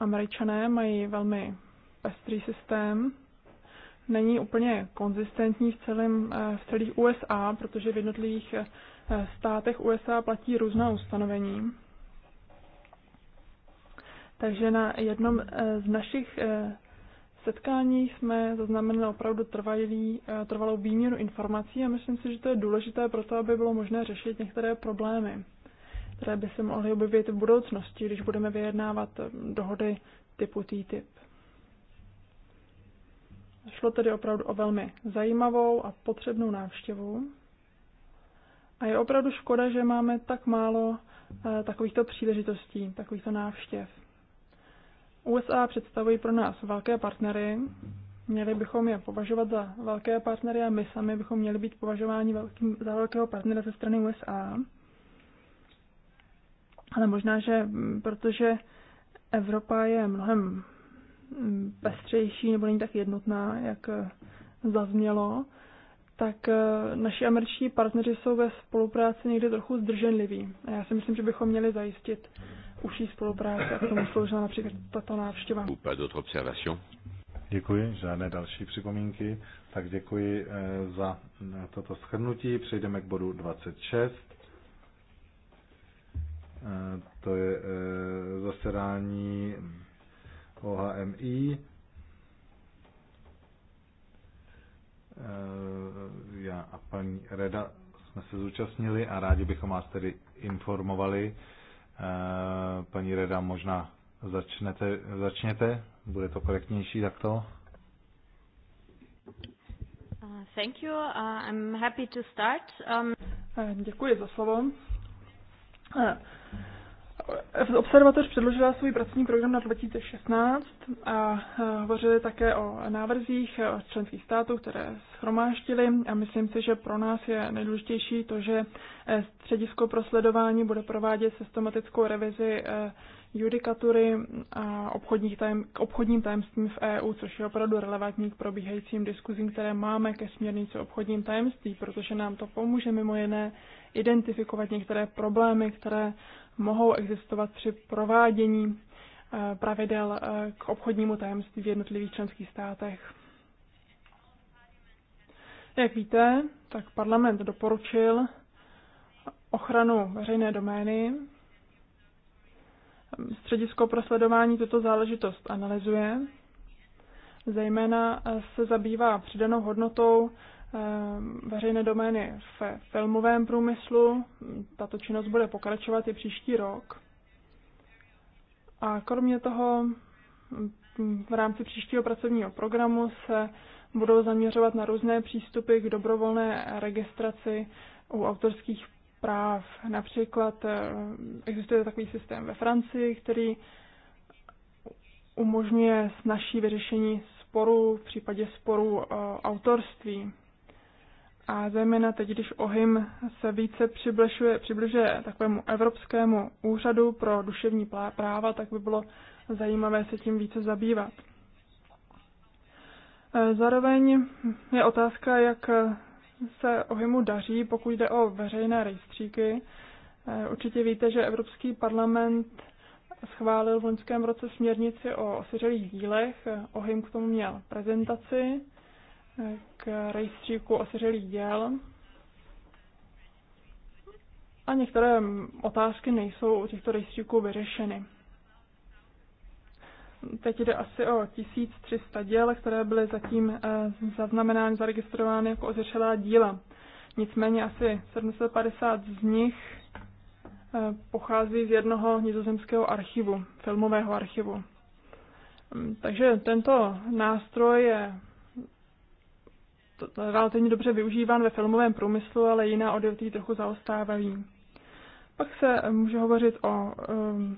Američané mají velmi pestrý systém, není úplně konzistentní v, celém, eh, v celých USA, protože v jednotlivých eh, státech USA platí různá ustanovení. Takže na jednom eh, z našich setkání jsme zaznamenali opravdu trvalý, trvalou výměnu informací a myslím si, že to je důležité pro to, aby bylo možné řešit některé problémy, které by se mohly objevit v budoucnosti, když budeme vyjednávat dohody typu TTIP. Šlo tedy opravdu o velmi zajímavou a potřebnou návštěvu. A je opravdu škoda, že máme tak málo eh, takovýchto příležitostí, takovýchto návštěv. USA představují pro nás velké partnery, měli bychom je považovat za velké partnery a my sami bychom měli být považováni velkým, za velkého partnera ze strany USA. Ale možná, že protože Evropa je mnohem pestřejší nebo není tak jednotná, jak eh, zaznělo, tak eh, naši američtí partneři jsou ve spolupráci někdy trochu zdrženliví. A já si myslím, že bychom měli zajistit užší spolupráci a k tomu sloužila například tato návštěva. Děkuji, žádné další připomínky. Tak děkuji eh, za toto shrnutí. Přejdeme k bodu 26. To je zasedání OHMI. Eh, já a paní Reda jsme se zúčastnili a rádi bychom vás tedy informovali. Eh, paní Reda, možná začnete, začněte, bude to korektnější takto. Uh, thank you. Uh, I'm happy to start. Um... Eh, děkuji za slovo. Observatoř předložila svůj pracovní program na 2016 a hovořili také o návrzích členských států, které schromáštili a myslím si, že pro nás je nejdůležitější to, že eh, středisko pro sledování bude provádět systematickou revizi eh, judikatury a obchodních tajem, k obchodním tajemstvím v EU, což je opravdu relevantní k probíhajícím diskuzím, které máme ke směrnici o obchodním tajemství, protože nám to pomůže mimo jiné identifikovat některé problémy, které mohou existovat při provádění e, pravidel e, k obchodnímu tajemství v jednotlivých členských státech. Jak víte, tak parlament doporučil ochranu veřejné domény středisko pro sledování tuto záležitost analyzuje. Zejména eh, se zabývá přidanou hodnotou eh, veřejné domény v filmovém průmyslu. Tato činnost bude pokračovat i příští rok. A kromě toho v rámci příštího pracovního programu se budou zaměřovat na různé přístupy k dobrovolné registraci u autorských práv. Například eh, existuje takový systém ve Francii, který umožňuje snažší vyřešení sporu v případě sporu eh, autorství. A zejména teď, když OHIM se více přibližuje, přibližuje takovému Evropskému úřadu pro duševní práva, tak by bylo zajímavé se tím více zabývat. Eh, zároveň je otázka, jak se OHIMu daří, pokud jde o veřejné rejstříky. Eh, určitě víte, že Evropský parlament schválil v loňském roce směrnici o osiřelých dílech. OHIM k tomu měl prezentaci eh, k rejstříku osiřelých děl. A některé otázky nejsou u těchto rejstříků vyřešeny. Teď jde asi o 1300 děl, které byly zatím eh, zaznamenány, zaregistrovány jako ozřešelá díla. Nicméně asi 750 z nich eh, pochází z jednoho nizozemského archivu, filmového archivu. Mm, takže tento nástroj je relativně dobře využíván ve filmovém průmyslu, ale jiná odvětví trochu zaostávají. Pak se může hovořit o ehm,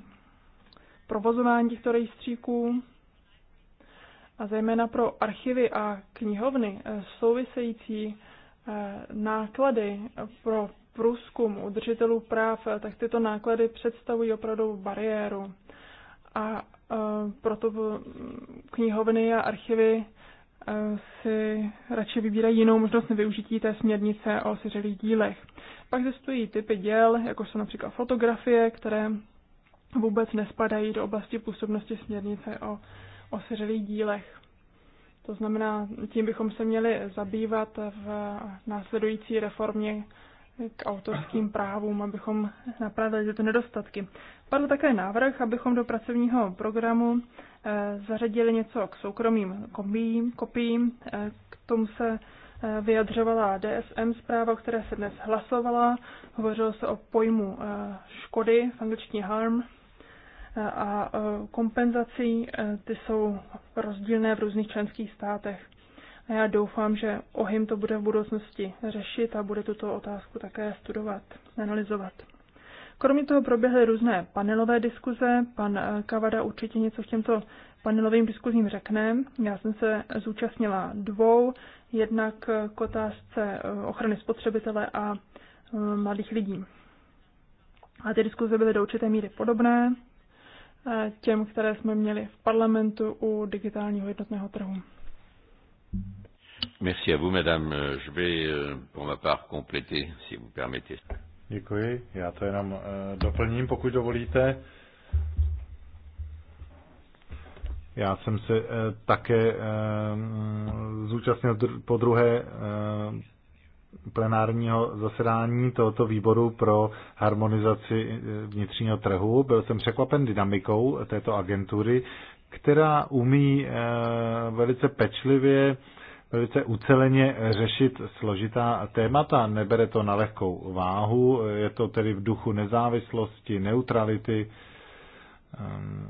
provozování těchto rejstříků a zejména pro archivy a knihovny eh, související eh, náklady pro průzkum udržitelů práv, eh, tak tyto náklady představují opravdu bariéru. A proto mm, knihovny a archivy si radši vybírají jinou možnost nevyužití té směrnice o osiřelých dílech. Pak existují typy děl, jako jsou například fotografie, které vůbec nespadají do oblasti působnosti směrnice o osiřelých dílech. To znamená, tím bychom se měli zabývat v následující reformě k autorským právům, abychom napravili tyto nedostatky. Padl také návrh, abychom do pracovního programu eh, zařadili něco k soukromým kopiím. kopiím. Eh, k tomu se eh, vyjadřovala DSM zpráva, o které se dnes hlasovala. Hovořilo se o pojmu škody v angličtině harm a kompenzací, e, ty jsou rozdílné v různých členských státech. A já doufám, že OHIM to bude v budoucnosti řešit a bude tuto otázku také studovat, analyzovat. Kromě toho proběhly různé panelové diskuze. Pan e, Kavada určitě něco v těmto panelovým diskuzím řekne. Já jsem se zúčastnila dvou, jednak k otázce e, ochrany spotřebitele a mladých lidí. A ty diskuze byly do určité míry podobné. Eh, těm, které jsme měli v parlamentu u digitálního jednotného trhu. Merci à vous, madame. Je vais, euh, pour ma part, compléter, si vous permettez. Děkuji. Já to jenom eh, doplním, pokud dovolíte. Já jsem se eh, také zúčastnil po druhé plenárního zasedání tohoto výboru pro harmonizaci vnitřního trhu. Byl jsem překvapen dynamikou této agentury, která umí eh, velice pečlivě, velice uceleně řešit složitá témata. Nebere to na lehkou váhu, je to tedy v duchu nezávislosti, neutrality. Ehm,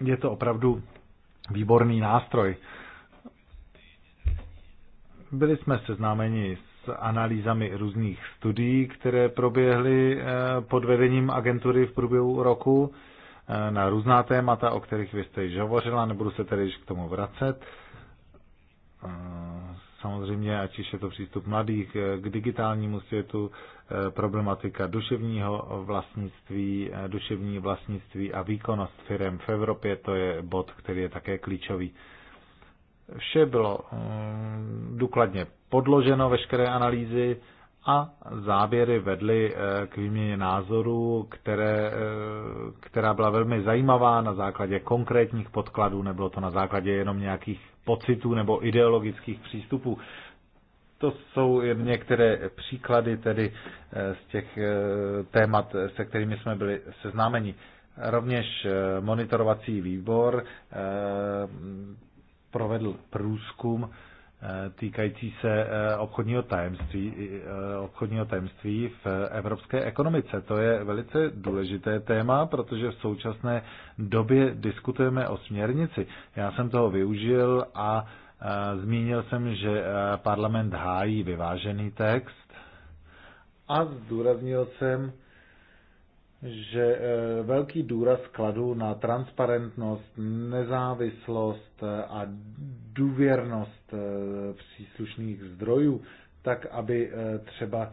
je to opravdu výborný nástroj. Byli jsme seznámeni s analýzami různých studií, které proběhly eh, pod vedením agentury v průběhu roku eh, na různá témata, o kterých vy jste již hovořila, nebudu se tedy již k tomu vracet. Eh, samozřejmě, ať již je to přístup mladých k digitálnímu světu, problematika duševního vlastnictví, duševní vlastnictví a výkonnost firm v Evropě, to je bod, který je také klíčový. Vše bylo eh, důkladně podloženo, veškeré analýzy a záběry vedly eh, k výměně názorů, které, eh, která byla velmi zajímavá na základě konkrétních podkladů, nebylo to na základě jenom nějakých pocitů nebo ideologických přístupů. To jsou jen některé příklady tedy z těch témat, se kterými jsme byli seznámeni. Rovněž monitorovací výbor provedl průzkum eh, týkající se eh, obchodního tajemství, eh, obchodního tajemství v evropské ekonomice. To je velice důležité téma, protože v současné době diskutujeme o směrnici. Já jsem toho využil a zmínil jsem, že parlament hájí vyvážený text a zdůraznil jsem, že eh, velký důraz kladu na transparentnost, nezávislost eh, a důvěrnost eh, příslušných zdrojů, tak aby třeba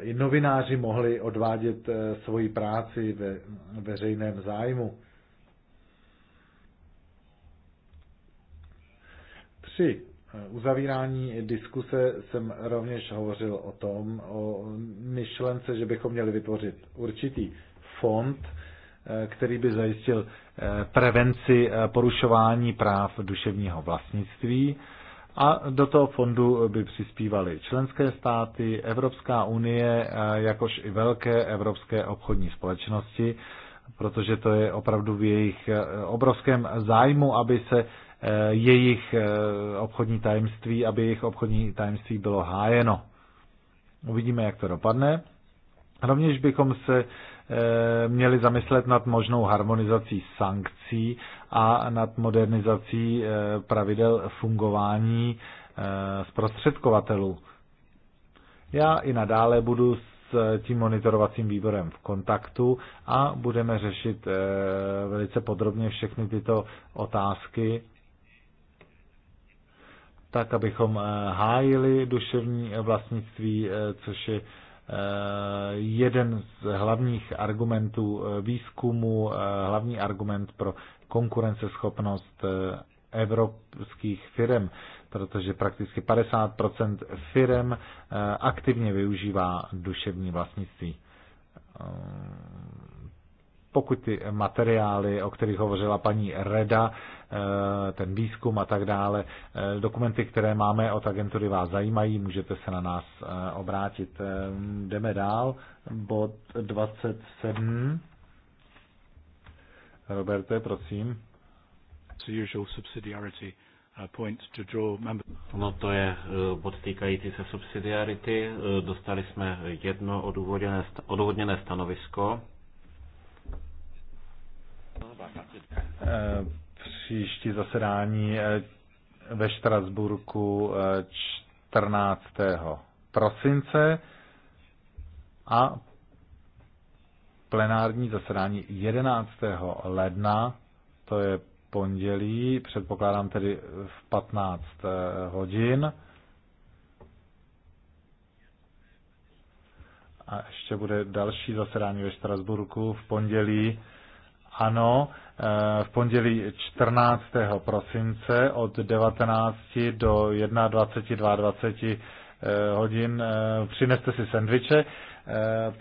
i novináři mohli odvádět svoji práci ve veřejném zájmu. Při uzavírání diskuse jsem rovněž hovořil o tom, o myšlence, že bychom měli vytvořit určitý fond, eh, který by zajistil eh, prevenci eh, porušování práv duševního vlastnictví. A do toho fondu by přispívaly členské státy, Evropská unie, jakož i velké evropské obchodní společnosti, protože to je opravdu v jejich obrovském zájmu, aby se jejich obchodní tajemství, aby jejich obchodní tajemství bylo hájeno. Uvidíme, jak to dopadne. Rovněž bychom se Eh, měli zamyslet nad možnou harmonizací sankcí a nad modernizací eh, pravidel fungování eh, zprostředkovatelů. Já i nadále budu s tím monitorovacím výborem v kontaktu a budeme řešit velice podrobně všechny tyto otázky, tak abychom hájili duševní vlastnictví, což je Eh, jeden z hlavních argumentů eh, výzkumu, eh, hlavní argument pro konkurenceschopnost evropských firm, protože prakticky 50 firm aktivně využívá duševní vlastnictví. Pokud ty materiály, o kterých hovořila paní Reda, Eh, ten výzkum a tak dále. Eh, dokumenty, které máme od agentury, vás zajímají, můžete se na nás eh, obrátit. Jdeme dál. Bod 27. Roberte, prosím. Uh, no to je bod týkající se subsidiarity. Dostali jsme jedno odůvodněné, odůvodněné stanovisko příští zasedání eh, ve Štrasburku 14. Eh, prosince a plenární zasedání 11. ledna, to je pondělí, předpokládám tedy v 15 eh, hodin. A ještě bude další zasedání ve Štrasburku v pondělí ano, eh, v pondělí 14. prosince od 19 do 21.22 eh, hodin. Eh, přineste si sendviče,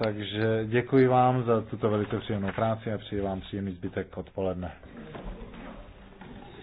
takže děkuji vám za tuto velice příjemnou práci a přeji vám příjemný zbytek odpoledne.